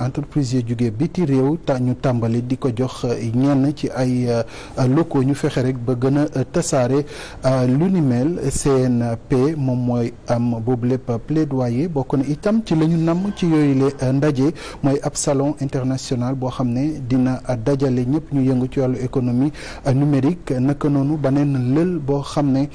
entreprise yi jóge biti réew ta ñu tàmbali di ko jox euh, ñenn ci ay euh, locaux ñu fexe rek ba gën a euh, tasaare lu ni mel CNP moom mooy am boobu lépp plaidoyer bokk na itam ci lañu ñu namm ci yooyu le ndaje mooy ab salon international boo xam ne dina dajale ñëpp ñu yëngu ci wàllu économie numérique naka noonu beneen lël boo xam ne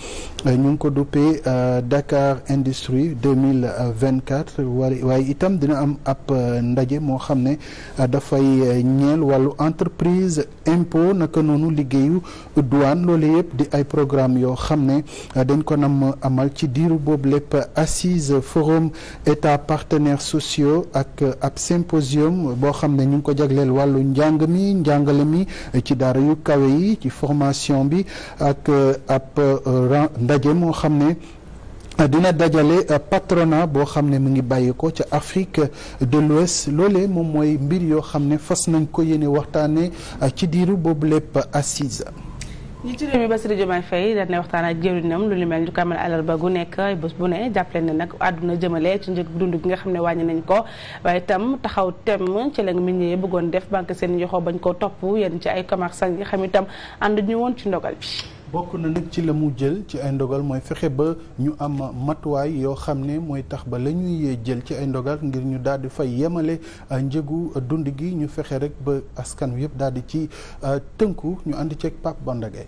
ñu ngi ko duppee Dakar Industrie 2024 waaye itam dina am ab ndaje moo xam ne euh, dafay euh, ñeel wàllu entreprise impôt naka noonu liggéeyu douane loolu yëpp di ay programme yoo xam ne euh, dañ kon nam amal ci diiru boobu lépp assise forum état partenaire sociaux ak ab symposium boo xam ne ñu ngi ko jagleel wàllu njàng mi njàngale mi ci daara yu kawe yi ci formation bi ak ab ndaje moo xam ne Euh, dina dajale euh, patronat boo xam ne mu ngi bàyyi ko ca Afrique euh, de l'Ouest loolee moom mooy mbir yoo xam ne fas nañ ko yéene waxtaane ci diiru boobu lépp assise njiitu réew mi Bassirou Diomaye Faye daan na waxtaan ak jëriñam lu li mel ñu ko amal gu nekk bés bu ne jàppale ne nag àdduna jëmale ci njëg dund gi nga xam ne wàññi nañ ko waaye itam taxaw tem ci la nit bëggoon def banque seen yoxoo bañ ko topp yenn ci ay commerçant yi xam itam ànd ñu woon ci ndogal bi bokk na nag ci la mu jël ci ay ndogal mooy fexe ba ñu am matuwaay yoo xam ne mooy tax ba lañuy ñuy jël ci ay ndogal ngir ñu daal di fay yemale euh, njëgu dund gi ñu fexe rek ba askan wi yëpp daal di ci euh, tënku ñu ànd ceeg Pape Bandagay.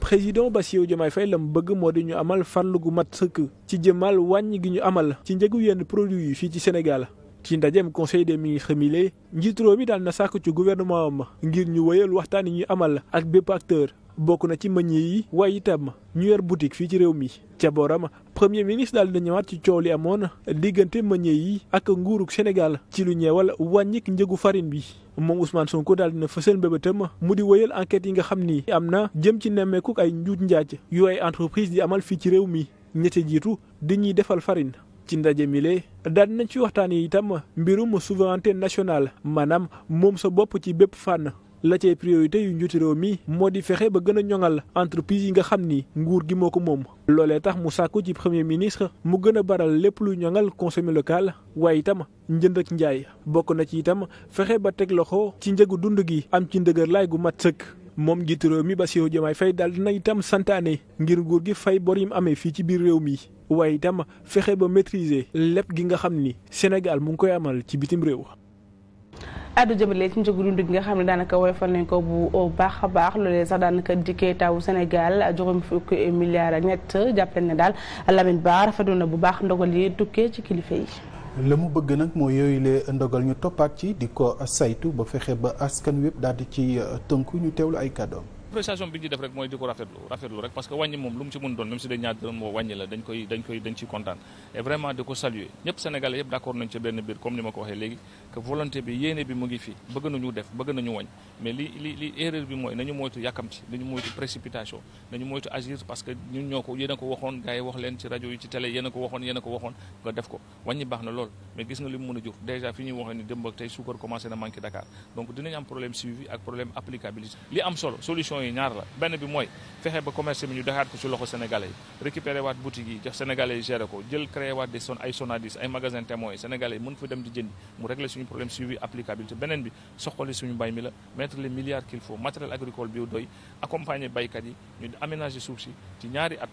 président Bassirou Diomaye Faye lam bëgg moo di ñu amal farlu gu mat sëkk ci jëmal wàññi gi ñu amal ci njëgu yenn produit yi fii ci Sénégal. ci ndajeem conseil des ministres mi lee njiitu réew mi daal na sàkk ci gouvernement am ngir ñu wëyal waxtaan yi ñuy amal la ak bépp acteur bokk na ci meññe yi waaye itam ñu yor boutique fii ci réew mi. ca booram premier ministre daal na ñëwaat ci coow li amoon diggante meññe yi ak nguurug Sénégal ci lu ñeewal wàññik njëgu farine bi moom Ousmane Sonko daal dina fësal mbébétam mu di wëyal enquête yi nga xam ni am na jëm ci nemmeeku ay njuut njaaj yu ay entreprise amal fii ci réew mi ñetti jiitu di ñuy defal farine. ci ndaje mile daan nañu ci waxtaan yi itam mbirum souveraineté nationale maanaam moom sa bopp ci bépp fànn la cay priorité yu njiitu réew mi moo di fexe ba gën a ñoŋal entreprise yi nga xam ni nguur gi moo ko moom loolee tax mu sàkku ci premier ministre mu gën a baral lépp lu ñoŋal consommé local waaye itam njënd ak njaay bokk na ci itam fexe ba teg loxo ci njëgu dund gi am ci ndëgër laay gu mat sëkk moom njiitu réew mi Bassirou Diomaye Faye daal dina itam santaane ngir nguur gi fay bor yim amee fii ci biir réew mi waaye itam fexe ba maîtriser lépp gi nga xam ni Sénégal mu ngi koy amal ci bitim réew. addu jëmale ci njëgu dund gi nga xam ne daanaka woyofal nañ ko bu baax baax loolee sax daanaka dikkee taw Sénégal juróom fukki milliards ak ñett jàppale ne daal Lamine Ba rafetlu na bu baax ndogal yi tukkee ci kilifa yi. la mu bëgg nag moo yooyu la ndogal ñu toppaat ci di ko saytu ba fexe ba askan wépp daal di ci euh, tënku ñu teewlu ay kàddoom appréciation bi ñu def rek mooy di ko rafetlu rafetlu rek parce que wàññi moom lu mu ci mun doon même si dañ ñaar dërëm moo wàññi la dañ koy dañ koy dañ et vraiment di ko saluer ñëpp sénégalais yëpp d'accord nañ ci benn biir comme ni ma ko waxee léegi que volonté bi yéene bi mu ngi fi bëgg nañu def bëgg nañu wàññ mais li li erreur bi mooy nañu moytu yàkkamti nañu moytu précipitation nañu moytu agir parce que ñun ñoo ko yéen a ko waxoon gars yi wax leen ci rajo yi ci télé yéen a a ko mais gis nga li mu mën a jur déjà fi ñuy waxee ni démb ak tey suukar commencé na manqué Dakar donc dinañ am problème suivi ak problème applicabilité li am solo solution yi ñaar la benn bi mooy fexe ba commerce bi ñu dexaat ko ci loxo sénégalais yi récupéré waat boutique yi jox sénégalais yi géré ko jël créé waat des son ay ay magasin témoins sénégalais yi mën fa dem di jëndi mu régler suñu problème suivi applicabilité beneen bi soxali ñu mbay mi la mettre les milliards qu'il faut matériel agricole bi doy accompagner baykat yi ñu aménager suuf si ci ñaari at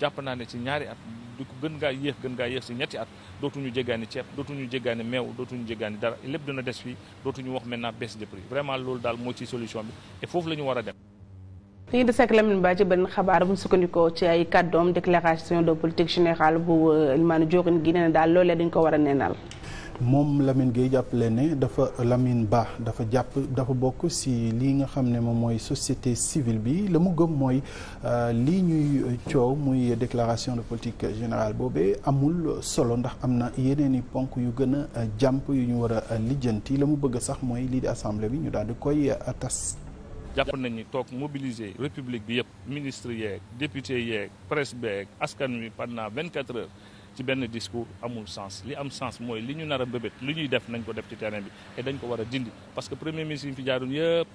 jàpp naa ne ci ñaari at du gën ngaa yéex gën ngaa yéex si ñetti at dootuñu jéggaani ceeb dootuñu jéggaani meew dootuñu jéggaani dara lépp dina des fii dootuñu wax maintenant baisse de prix vraiment loolu daal moo ci solution bi et foofu la war a dem li ngi desek Lamine Ba ci benn xabaar bu sukkandikoo ci ay kàddoom déclaration de politique générale bu Elimane euh, Diorine gi nee na daal loolee dañ ko war a neenal moom Lamine gay jàppale ne dafa Lamine Ba dafa jàpp dafa bokk si lii nga xam ne moom mooy société civile bi la mu gëm mooy euh, lii ñuy coow muy déclaration de politique générale boobee amul solo ndax am na yeneen i ponk yu gën a euh, jàmp yu ñu war a euh, lijjanti la mu bëgg sax mooy lii di assemblée bi ñu daal di koy tas. jàpp nañ ni toog mobiliser république bi yëpp ministre yeeg député yeeg presse askan wi pendant vingt quatre heures. ci benn discours amul sens li am sens mooy li ñu nar a li ñuy def nañ ko def ci terrain bi et dañ ko war a dindi parce que premier ministre yi fi jaaroon yëpp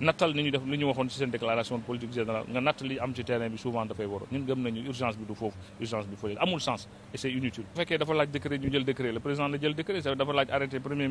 nattal ni ñu def li ñu waxoon ci seen déclaration de politique générale nga natt li am ci terrain bi souvent dafay waro ñun gëm nañu urgence bi du foofu urgence bi foofu amul sens et c'est inutile bu fekkee dafa laaj décret ñu jël décret le président la jël décret ça dafa laaj arrêté premier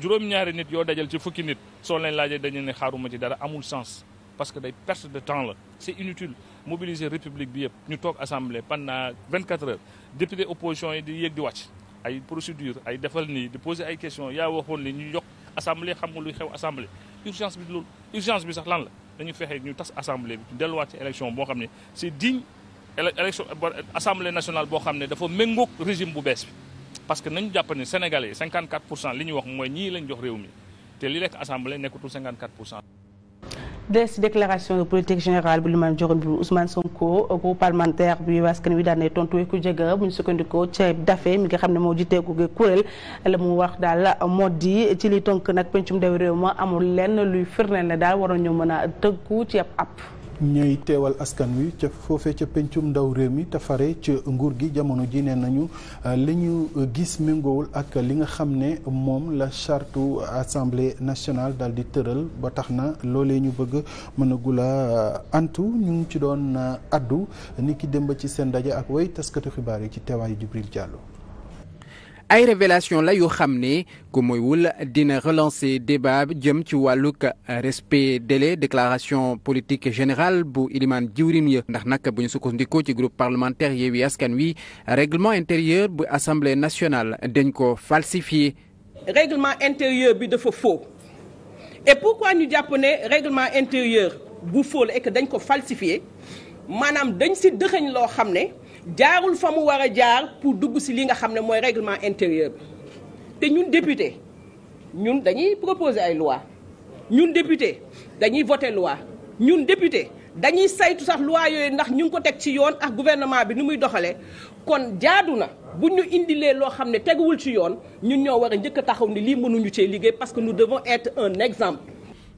juróom-ñaari nit yoo dajal ci fukki nit soo leen laajee dañu ne xaaruma ci dara amul sens parce que day perte de temps la c'est inutile mobiliser république bi yëpp ñu toog assemblée pendant vingt quatre heures député opposition yi di yéeg di wàcc ay procédure ay defal nii di poser ay questions yaa waxoon li ñu jox assemblée xam nga luy xew assemblée urgence bi loolu urgence bi sax lan la dañu fexe ñu tas assemblée bi delluwaat ci élection boo xam ne c'est digne élection assemblée nationale boo xam ne dafa méngoog régime bu bees bi parce que nañu jàpp ne sénégalais yi 54 pour cent li ñu wax mooy ñii lañ jox réew mi te li nekk assemblée nekkutul 54 pour cent. des ci déclaration de politique générale bu limaan joxoon bi Ousmane Sonko groupe parlementaire bi askan wi daan ne tontu ku jega bu ñu sukkandikoo ci dafe mi nga xam ne moo jiteeku kuréel la mu wax daal moo di ci li tonk nag pencum ndawi réew ma amul lenn luy firndeel ne daal waroon ñëw mën a tëggu ci ab ap ñooy teewal askan wi ca foofe ca pencum ndaw réew mi te fare ca nguur gi jamono ji nee nañu euh, li ñu gis méngoowul ak li nga xam ne moom la charte assemblée nationale daal di tëral ba tax na loole ñu bëgg mënagula a euh, antu ñu ngi ci doon euh, addu ni ki démb ci seen ndaje ak way taskatu xibaar yi ci teewaayu Jibril Diallo. ay révélation la yoo xam ne ku moywul dina relancer débat jëm ci wàllug respect délai déclaration politique générale bu ilimaan jiwrim ya ndax nag bu ñu sukkandikoo ci groupe parlementaire Yewwi Askan Wi règlement intérieur bu assemblée nationale dañ ko falsifié règlement intérieur bi dafa faux et pourquoi ñu jàpp ne règlement intérieur bu faux la dañ ko falsifié maanaam dañ si dëxëñ loo xam ne jaarul fa mu war a jaar pour dugg si li nga xam ne mooy règlement intérieur bi te ñun député ñun dañuy proposer ay loi ñun député dañuy voter loi ñun député dañuy saytu sax loi yooyu ndax ñu ngi ko teg ci yoon ak gouvernement bi ni muy doxalee kon jaadu na bu ñu indilee loo xam ne teguwul ci yoon ñun ñoo war a njëkk taxaw ni lii mënuñu cee liggéey parce que nous devons être un exemple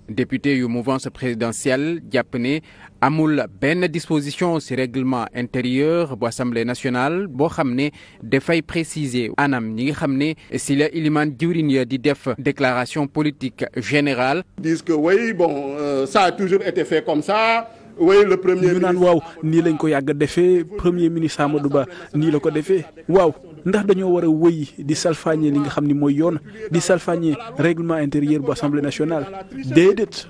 député yu mouvance présidentielle jàpp ne amul ben disposition ci règlement intérieur bu assemblée nationale boo xam ne dafay préciser anam ñi nga xam ne ci la ilimaan jiwrin di def déclaration politique générale. disent que oui euh, ça a toujours été fait comme ça. oui le premier ñu naan waaw nii lañ ko yàgg defee premier ministre Amadou Ba nii la ko defee waaw ndax dañoo war a wëy di salfaañe li nga xam ni mooy yoon di salfaañe règlement intérieur bu assemblée nationale déedéet.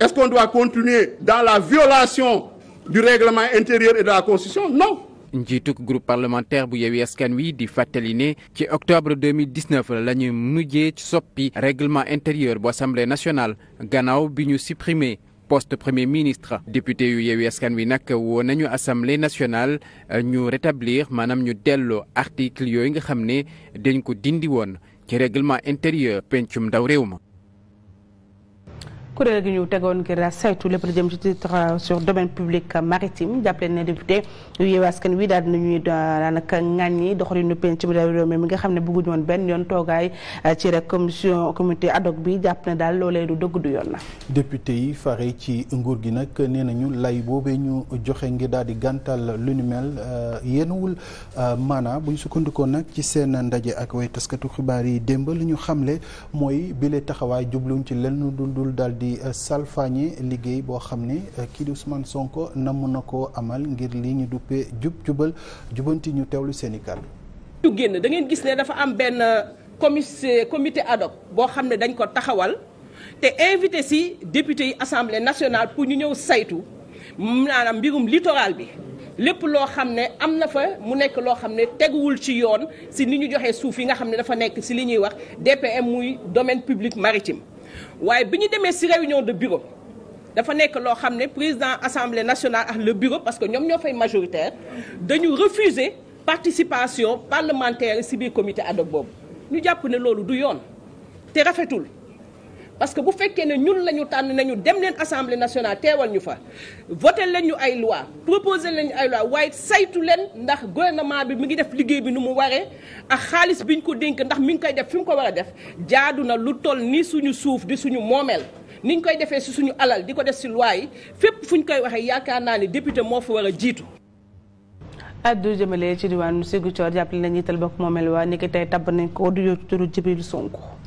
est-ce qu'on doit continuer dans la violation du règlement intérieur et de la constitution non. njiituk groupe parlementaire bu Yewwi Askan Wi di fàttali ne ci octobre 2019 la ñu mujjee ci soppi règlement intérieur bu assemblée nationale gannaaw bi ñu supprimé poste premier ministre député yu Yewwi Askan Wi nag woo nañu assemblée nationale euh, ñu rétablir maanaam ñu delloo article yooyu nga xam ne dañ ko dindi woon ci règlement intérieur pencum ndaw réew ma kuréel gi ñu tegoon ngir saytu lépp lu jëm ci titre sur domaine public maritime jàppale ne député yu Yewwi Askan Wi daal dinañuy euh, daanaka ŋàññi doxalinu penc mi réew mi nga xam ne bëgguñu woon benn yoon toogaay euh, ci rek commission comité ad hoc bi jàpp na daal loolee du dëgg du yoon na. député yi fare ci nguur gi nag nee nañu lay boobee ñu joxe ngir daal di gàntal lu ni mel euh, yéenuwul maanaam bu ñu sukkandikoo nag ci seen ndaje ak way taskatu xibaar yi démb li ñu xamle mooy bile taxawaay jubluñ ci lenn dul dul daal di di euh, salfaañe liggéey boo xam ne euh, kii di Sonko namm na koo amal ngir lii ñu duppee jub jubal jubanti ñu teewlu seen i kàddu ñu génn da ngeen gis ne dafa am benn euh, comité comité ad hoc boo xam ne dañ ko taxawal te invité si député yi assemblée nationale pour ñu ñëw saytu maanaam mbirum littoral bi lépp loo xam ne am na fa mu nekk loo xam ne teguwul ci yoon si ni ñu joxee suuf yi nga xam ne dafa nekk si li ñuy wax DPM muy domaine public maritime waaye bi ñu demee si réunion de bureau dafa nekk loo xam ne président assemblée nationale ak le bureau parce que ñoom ñoo fay majoritaire dañu refuser participation parlementaire ci biir comité ad boobu ñu jàpp ne loolu du yoon te rafetul. parce que bu fekkee ne ñun la ñu tànn nañu dem leen assemblée nationale teewal ñu fa voté leen ñu ay loi proposé leen ñu ay loi waaye saytu leen ndax gouvernement bi mi ngi def liggéey bi nu mu waree ak xaalis bi ñu ko dénk ndax mi ngi koy def fi mu ko war a def jaadu na lu toll nii suñu suuf di suñu moomeel ni ñu koy defee si suñu alal di ko def si loi yi fépp fu ñu koy waxee yaakaar naa ne député moo fa war a jiitu addu jëmale ci diwaanu Ziguinchor jàppale na ñiital bokk moomeel waa ni ki tey tabb nañ ko du turu Jibril Sonko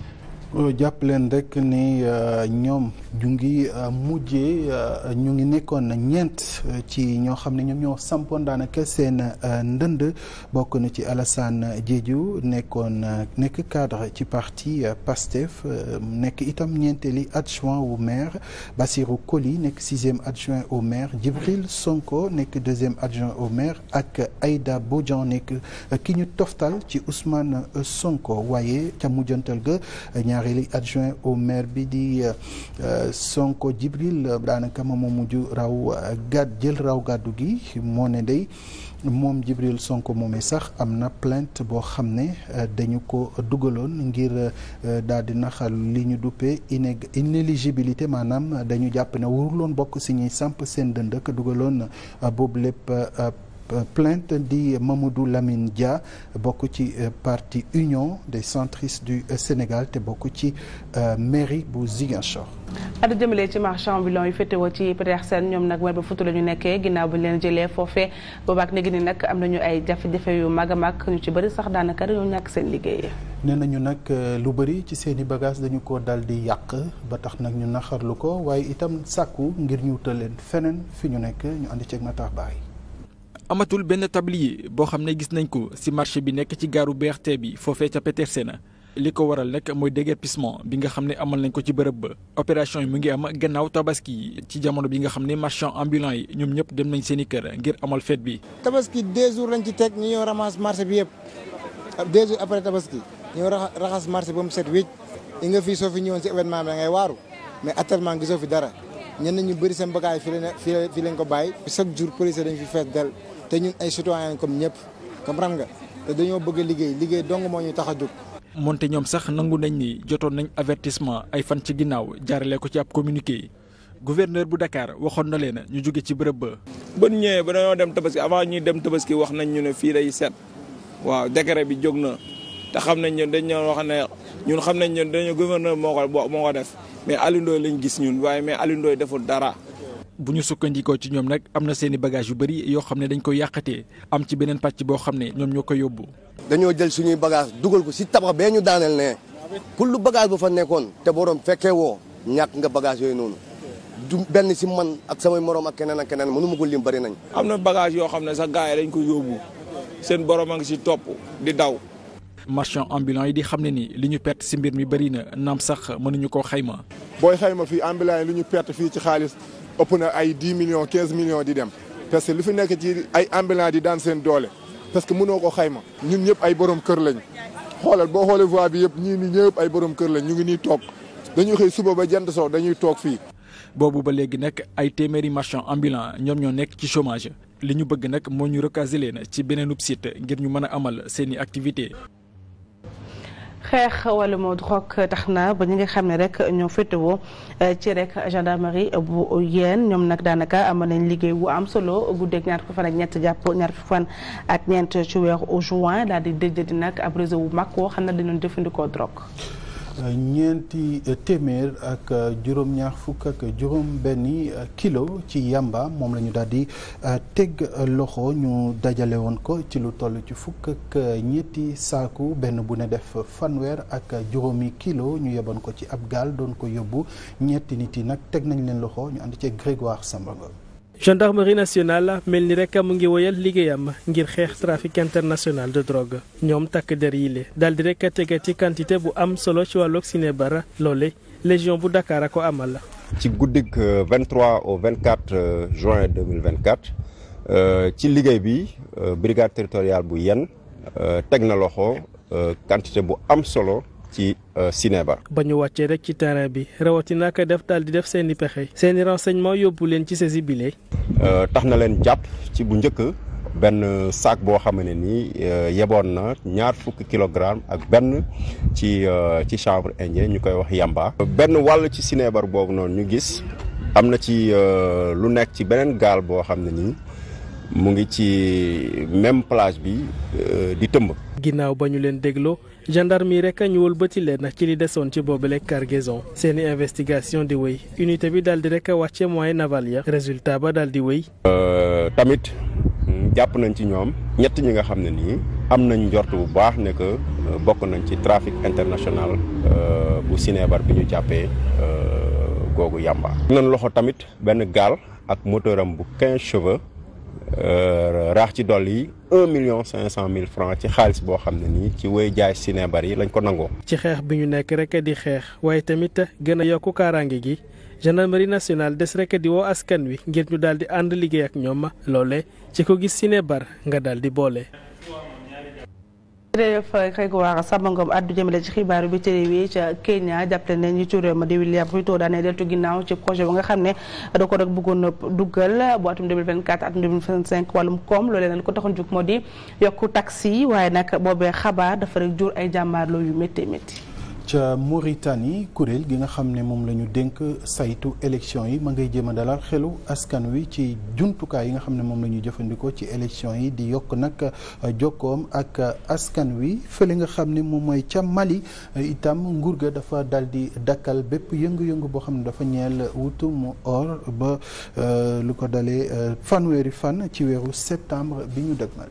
jàpp leen rek ni euh, ñoom ñu ngi euh, mujjee euh, ñu ngi nekkoon ñeent ci ñoo xam ne ñoom ñoo sampoon daanaka seen ndënd bokk na ci Alassane Diédhiou nekkoon nekk cadre ci parti PASTEF nekk itam ñeenteeli adjoint wu maire Bassirou Koli nekk sixième adjoint au maire Djibril Sonko nekk deuxième adjoint au maire ak ayda Bodjan nekk ki ñu toftal ci Ousmane Sonko waaye ca mujjantal ga ñaareeli adjoint au maire bi di euh, euh, Sonko Djibril euh, daanaka moom moo mujj raw gàdd jël raw gàddu gi moo ne day moom Djibril Sonko moomee sax am na plainte boo xam ne dañu ko dugaloon ngir daal di naxal li ñu duppee inéligibilité maanaam dañu jàpp ne waruloon bokk si ñuy samp seen dënd ak dugaloon boobu lépp. plainte di Mamadou Lamine Dia bokk ci euh, parti Union des centristes du euh, Sénégal te bokk ci euh, mairie bu Ziguinchor. addu jëmale ci marchand ambulant yi féetewoo ci Petersen seen ñoom nag weer ba futu la ñu nekkee ginnaaw bu leen jëlee foofee boobaak léegi nii nag am nañu ay jafe-jafe yu mag a mag ñu ci bëri sax daanaka dañoo ñàkk seen liggéey. nee ñu nag lu bari ci seeni i bagage dañu ko dal di yàq ba tax nag ñu naxarlu ko waaye itam sàkku ngir ñu wutal leen feneen ñu nekk ñu ànd ceeg Matar Ba amatul benn tablier boo xam ne gis nañ ko ci marché bi nekk ci gaaru BRT bi foofee ca na li ko waral nag mooy déguerpissement bi nga xam ne amal nañ ko ci bërëb ba opération yi mu ngi am gannaaw tabaski yi ci jamono bi nga xam ne marchand ambulant yi ñoom ñëpp dem nañ seeni i kër ngir amal fête bi. tabaski deux jours lañ ci teg ñu ñëw ramas marché bi yëpp deux jours après tabaski ñëw raxas marché ba mu set wécc yi nga fii soo fi ñëwoon ci événement bi da ngay mais actuellement gisoo fi dara ñenn ñu bëri seen bagage fii lañ fii lañ ko bàyyi chaque jour police dañ fi te ñun ay citoyen comme ñëpp comprendre nga te dañoo bëgg a liggéey liggéey dong moo ñu tax a jóg. moonte ñoom sax nangu nañ ni jotoon nañ avertissement ay fan ci ginnaaw jaarale ko ci ab communiqué gouverneur bu Dakar waxoon na leen ñu jóge ci bërëb ba. ba ñëwee ba dañoo dem tabaski avant ñuy dem tabaski wax nañ ñu ne fii day set waaw décret bi jóg na te xam nañ ñun dañ ñoo wax ne ñun xam nañ ñun dañu gouverneur moo ko moo ko def mais Alioune Ndoye lañ gis ñun waaye mais Alioune deful dara. bu ñu sukkandikoo ci ñoom nag am na seeni i yu bëri yoo xam ne dañ koy yàqatee am ci beneen pàcc boo xam ne ñoom ñoo koy yóbbu dañoo jël suñuy bagage dugal ko si tabax bee ñu daaneel ne kullu bagage bu fa nekkoon te borom fekkee woo ñàkk nga bagage yooyu noonu du benn si man ak samay morom ak keneen ak keneen mënu ma ko lim bari nañ am na bagage yoo xam ne sax gars yi dañ ko yóbbu seen borom a ngi si topp di daw marchand ambulant yi di xam ne nii li ñu perte si mbir mi bëri na naam sax mënuñu koo xayma booy xayma ñu perte fii ci xaalis ëpp na ay dix millions quinze millions di dem parce que lu fi nekk ci ay ambulants di daan seen doole parce que mënoo ko xayma ñun ñëpp ay borom kër lañ xoolal boo xoolee voie bi yëpp ñii nii ay borom kër lañ ñu ngi nii toog dañuy xëy suba ba jant soo dañuy toog fii. boobu ba léegi nag ay téeméeri marchand ambulant ñoom ñoo nekk ci chomage li ñu bëgg nag moo ñu recaser leen ci beneenub site ngir ñu mën a amal seeni activité xeex wala wàllum drogue tax na ba ñi nga xam ne rek ñoo féetewoo eh, ci rek gendarmerie bu yéen ñoom nag daanaka amoon nañ liggéey bu am solo guddeeg ñaar fukki fan ak ñett jàpp ñaar fukki fan ak ñeent ci au juin daal di dëjëdi nag ab réseau bu mag woo xam ne dañu doon jëfandikoo drogue. ñeenti téeméer ak juróom-ñaar fukk ak juróom-benni kilo ci yamba moom la ñu daal di euh, teg loxo ñu dajale woon ko ci lu toll ci fukk ak ñetti saaku benn bu ne def fanweer ak juróomi kilo ñu yeboon ko ci ab gaal doon ko yóbbu ñeenti nit yi nag teg nañ leen loxo ñu ànd ci Grégoire Sambango gendarmerie nationale mel ni rek mu ngi woyal liggéeyam ngir xeex trafic international de drogue ñoom takk der yile le daal di rek tegati quantité bu am solo ci wàllug Sinébar loole légion bu Dakar a ko amal. ci guddik 23 euh, au 24 euh, juin 2024 euh, ci liggéey bi brigade territoriale bu yenn teg na loxo quantité bu am solo. ci euh, ciné ba. ba ñu wàccee rek ci terrain bi rawatina ko def daal di def seen i pexe. seen i renseignement yóbbu leen ci saisi bile. Euh, tax na leen jàpp ci bu njëkk benn sac boo xam ne nii euh, yeboon na ñaar fukk kilogramme ak benn ci ci chanvre indien ñu koy wax yamba. benn wàll ci sinébar boobu noonu ñu gis am na ci lu nekk ci beneen gaal boo xam ne nii mu ngi ci même plage bi di tëmb. ginnaaw ba ñu leen déglo gendarme yi rek ba wëlbati leen ci li desoon ci boobule cargaison seeni investigation di wéy unité bi daal di rek wàcce moyen naval ya résultat ba daal di wéy. Euh, tamit jàpp nañ ci ñoom ñett ñi nga xam ne nii am nañ njort bu baax ne que euh, bokk nañ ci trafic international euh, bu Sinébar bi ñu jàppee googu yàmba. nañ loxo tamit benn gaal ak moteur bu 15 chevaux. Euh, raax ci doll yi un million cinq cent mille francs ci xaalis boo xam ne nii ci wéy jaay sinébar yi lañ ko nangoo. ci xeex bi ñu nekk rek di xeex waaye tamit gën a yokku kaaraange gi gendarmerie nationale des rek di woo askan wi ngir ñu daal di ànd liggéey ak ñoom ma loole ci ko gis sinébar nga daal di boole. jërëjëf Grégoire Samba Ngom addu jëmale ci xibaaru bi téré wi ca Kenya jàppale ne njiitu réew ma di William Ruto daanee deltu ginnaaw ci projet bi nga xam ne da ko rek bëggoon duggal bu atum 2024 atum 2025 wàllum koom loolee nag ko taxoon jóg moo di yokku taxi waaye nag boobee xabaar dafa rek jur ay jàmmaarloo yu métti métti ca Mauritanie kuréel gi nga xam ne moom la ñu dénk saytu élection yi ma ngay jéem a dalal xelu askan wi ci jumtukaay yi nga xam ne moom la ñuy jëfandikoo ci élection yi di yokk nag euh, jokkoom ak askan wi fële nga xam ne moom mooy ca Mali euh, itam nguur ga dafa dal di dakkal bépp yëngu-yëngu boo xam ne dafa ñeel wutum or ba euh, lu ko dalee fanweeri fan ci weeru septembre bi ñu dëgmal.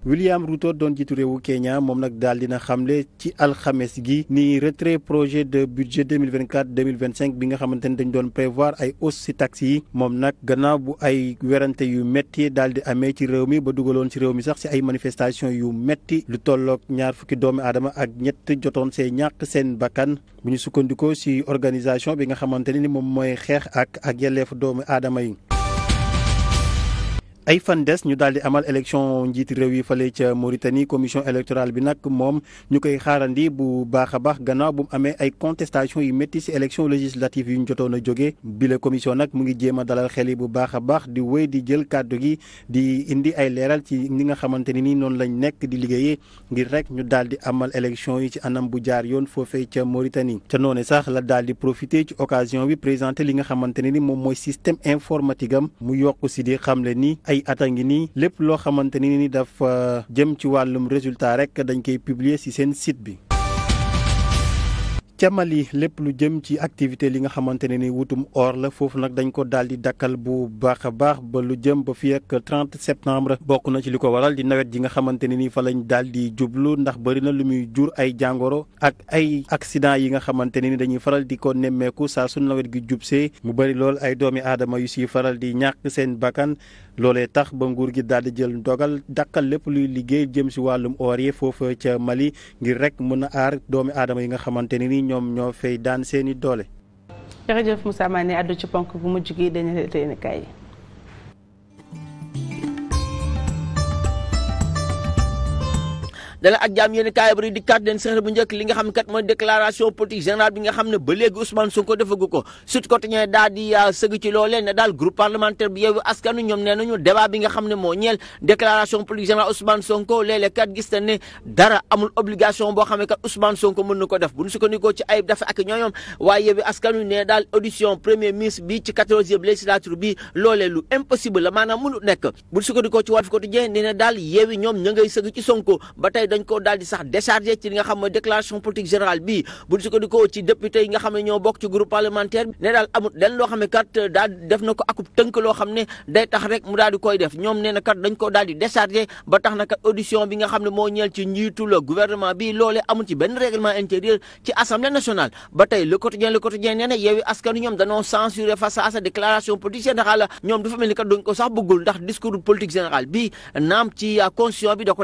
William Ruto doon jiitu réewu Kenya moom nag daal dina xamle ci alxames gi ni retrait projet de budget 2024 2025 bi nga xamante ni dañ doon prévoir ay hausse ci taxes yi moom nag gannaaw bu ay werante yu metti daal di amee ci réew mi ba dugaloon ci réew mi sax ci ay manifestation yu metti lu tollook ñaar fukki doomi aadama ak ñett jotoon see ñàkk seen bakkan bu ñu sukkandikoo ci organisation bi nga xamante ni moom mooy xeex ak ak yelleefu doomi aadama yi ay fan des ñu daal di amal élection njiiti réew yi fale ca Mauritanie commission électorale bi nag moom ñu koy xaarandi bu baax a baax gannaaw bu mu amee ay contestation yu métti si élection législative yu ñu jotoon a jógee bile commission nag mu ngi jéem a dalal xel yi bu baax a baax di wéy di jël kàddu gi di indi ay leeral ci ni nga xamante ne ni noonu lañu nekk di liggéeyee ngir rek ñu daal di amal élection yi ci anam bu jaar yoon foofee ca Mauritanie. te noonu sax la daal di profité ci occasion bi présenté li nga xamante ne ni moom mooy système informatique am mu yokk si di xamle ni. ay at a ngi nii lépp loo xamante ni ni dafa jëm ci wàllum résultat rek dañ koy publier ci seen site bi. ca Mali lépp lu jëm ci activité li nga xamante ne ni wutum or la foofu nag dañ ko daal di dakkal bu baax a baax ba lu jëm ba fii ak 30 septembre bokk na ci li ko waral di nawet ji nga xamante ne ni fa lañ daal di jublu ndax bëri na lu muy jur ay jàngoro ak ay accident yi nga xamante ne ni dañuy faral di ko nemmeeku saa su nawet gi jubsee mu bëri lool ay doomi aadama yu siy faral di ñàkk seen bakkan loolee tax ba nguur gi daal di jël ndogal dakkal lépp luy liggéey jëm si wàllum oor foofu ca Mali ngir rek mën a aar doomi aadama yi nga xamante ne ni ñoom ñoo fay daan seeni doole. jërëjëf Moussa Mané àddu ci ponk bu mujj gi dañu leen kay dala ak jaam yéen kaay bari di kat den sexr bu njëkk li nga xam ne kat mooy déclaration politique générale bi nga xam ne ba léegi Ousmane Sonko defagu ko Sud Quotidien daal di euh, sëgg ci loolee ne daal groupe parlementaire bi Yewwi Askan Wi ñoom nee nañu débat bi nga xam ne moo ñeel déclaration politique générale Ousmane Sonko léeg-léeg kat gis na ne dara amul obligation boo xam ne kat Ousmane Sonko mën na ko def bu ñu sukkandikoo ci ayib dafa ak ñooñoom waaye Yewwi Askan Wi ne daal audition premier ministre bi ci quatorzième nekk bu ñu sukkandikoo ci Walf Quotidien ne ñoom ña ngay dañ ko daal di sax déchargé ci nga xam mooy déclaration politique générale bii bu ñu sukkandikoo ci député nga xam ne ñoo bokk ci groupe parlementaire bi ne amut lenn loo xam ne kat daal def na ko akub tënk loo xam ne day tax rek mu daal di koy def ñoom nee na kat dañ ko daal di déchargé ba tax na kat audition bi nga xam ne moo ñeel ci njiitu la gouvernement bi loolee amul ci benn règlement intérieur ci assemblée nationale ba tey le quotidien le quotidien nee na yeewi askan ñoom dañoo censuré face à sa déclaration politique générale ñoom dafa mel ni bi naam ci constitution bi da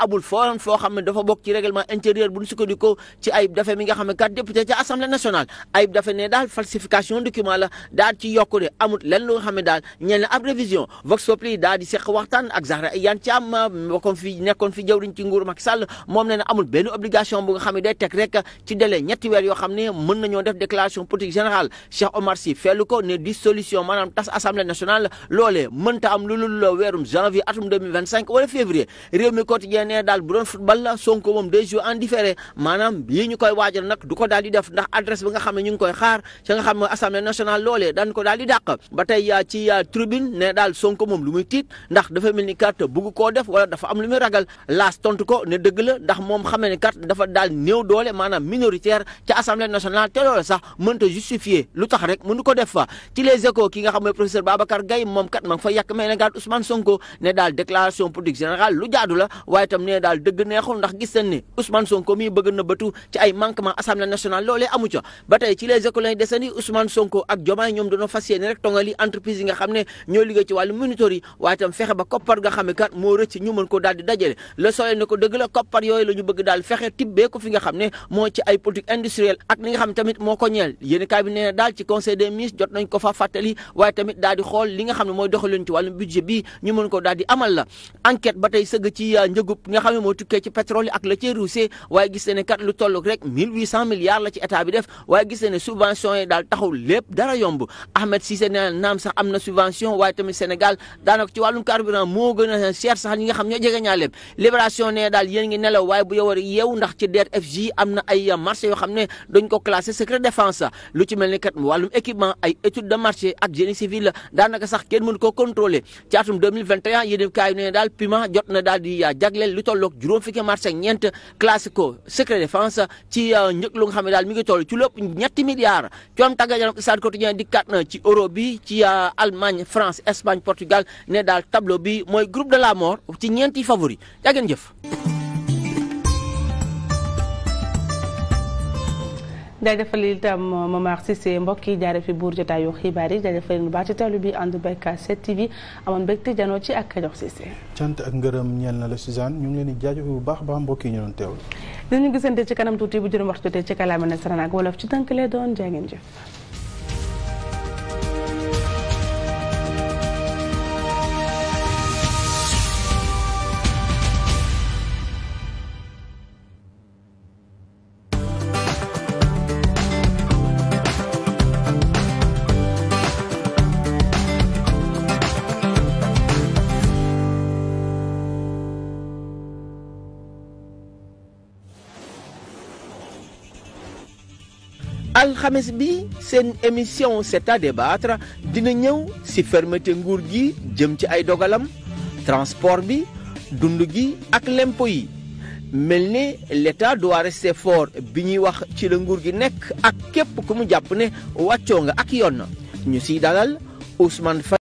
abul fooran foo xam ne dafa bokk ci règlement intérieur bu ñu sukkandikoo ci ayib dafe mi nga xam ne kat député ca assemblée nationale ayib dafe ne daal falsification document la daal ci yokku de amut lenn lu nga xam ne daal ñeel na ab révision vox populi daal di seq waxtaan ak Zahra Iyane Thiam bokkoon fi nekkoon fi jawriñ ci nguuru Macky Sall moom nee na amul benn obligation bu nga xam ne day rek ci délai ñetti weer yoo xam ne mën nañoo def déclaration politique générale ne daal bu doon Sonko moom day jouer en différé maanaam yii ñu koy waajal nag du ko daal di def ndax adresse bi nga xam ne koy xaar ci nga xam ne assemblée nationale loolee daal di dàq ba tey ah, ci ah, tribune ne daal Sonko moom lu tiit ndax dafa mel ni kat bugg koo def wala dafa am lu ragal laas tontu ko ne dëgg la ndax moom xam ne kat dafa daal néew doole maanaam minoritaire ci assemblée nationale te loolu sax mënta justifier lu ma nga na gaat Ousmane Sonko ne daal déclaration politique générale itam daal dëgg neexul ndax gis nañ ni Ousmane Sonko mii bëgg na bëtu ci ay manquement assemblée nationale loolee amu ca ba tey ci les écoles yi desani Ousmane Sonko ak Diomaye ñoom dañoo fas yéene rek tongali entreprise nga xam ne ñoo liggéey ci wàllu monitor waaye itam fexe ko daal di dajale le soleil ne ko dëgg la koppar yooyu la bëgg daal fexe tibbee ko fi nga xam ne moo ci ay politique industrielle ak li nga xam tamit moo ko ñeel yéen kaay bi nee na daal ci conseil des ministres jot nañ ko fa fàttali waaye li nga xam ne mooy doxalin ci wàllu la enquête ba tey sëgg ci euh, njëgub nga xam ne moo tukkee ci pétrole yi ak la ca ruusee waaye gis ne lu toll rek 1800 milliards la ci état def waaye gis ne subvention yi daal taxul lépp dara yomb Ahmed Cissé nee naam sax am na subvention waaye tamit Sénégal daanaka ci wàllum carburant moo gën a cher sax nga xam ñoo jege ñaa lépp ne daal yéen ngi nelaw waaye bu yowar yeew ndax ci DER/FJ am na ay marché yoo xam ne dañ ko classé secret défense lu ci mel ni kat wàllum équipement ay étude de marché ak génie civil daanaka sax kenn mënu ko contrôler daal piment jot na daal di jagleel lu tolloog juróom fukki match ak ñeent classico secret défense ci euh, njëg lu nga xam ne daal mi ngi toll ci lépp ñetti milliards coon tàggat ak Stades Quotidien dikkaat na ci euro bi ci euh, Allemagne France Espagne Portugal ne daal tableau bi mooy groupe de la mort ci ñeenti favori yaa jëf lii jaajëfal itam Momar Cissé mbokk yi jaare fi buur jotaayu xibaar yi jaajëfal leen bu baax ci teewlu bi ànd bekk 7TV amoon mbégte janoo ci ak Kajoor Cissé ak ngërëm ñeel na la Suzanne ñu ngi leen di jaajëfal bu baax baax mbokk yi ñu doon teewlu dinañu gisante ci kanam tuuti bu juróom wax jotee ci kàllaama nasaraan ak wolof ci tënk lay doon jaa jëf alxames bi seen émission c'est à débattre dina ñëw si fermeté nguur gi jëm ci ay dogalam transport bi dund gi ak lempo yi mel ni l'État doit rester fort bi ñuy wax ci la nguur gi nekk ak képp ku mu jàpp ne wàccoo nga ak yoon ñu ciy dalal Ousmane